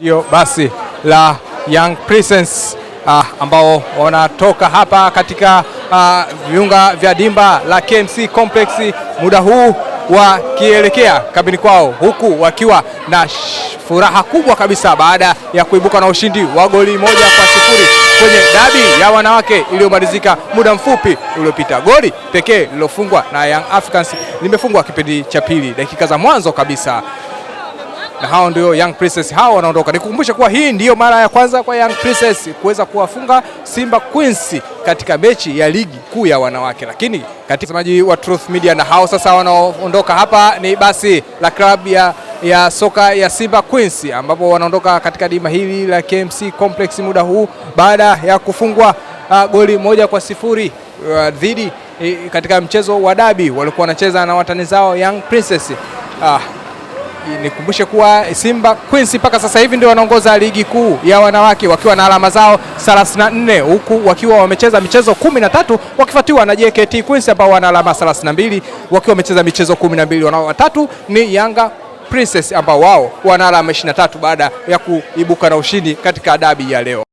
Ndio basi la Young Princess ah, ambao wanatoka hapa katika ah, viunga vya dimba la KMC Complex muda huu wakielekea kabini kwao, huku wakiwa na furaha kubwa kabisa baada ya kuibuka na ushindi wa goli moja kwa sifuri kwenye dabi ya wanawake iliyomalizika muda mfupi uliopita. Goli pekee lililofungwa na Young Africans limefungwa kipindi cha pili, dakika za mwanzo kabisa na hao ndio Young Princess, hao wanaondoka. Nikukumbusha kuwa hii ndiyo mara ya kwanza kwa Young Princess kuweza kuwafunga Simba Queens katika mechi ya ligi kuu ya wanawake, lakini katika maji wa Truth Media, na hao sasa wanaondoka hapa ni basi la klabu ya ya soka ya Simba Queens ambapo wanaondoka katika dima hili la KMC Complex muda huu baada ya kufungwa uh, goli moja kwa sifuri uh, dhidi uh, katika mchezo wa dabi walikuwa wanacheza na watani zao Young Princess uh, nikumbushe kuwa Simba Queens mpaka sasa hivi ndio wanaongoza ligi kuu ya wanawake wakiwa na alama zao 34 huku wakiwa wamecheza michezo 13 wakifuatiwa na JKT Queens ambao wana alama 32 wakiwa wamecheza michezo 12. Wanao watatu ni Yanga Princess ambao wao wana alama 23 baada ya kuibuka na ushindi katika adabi ya leo.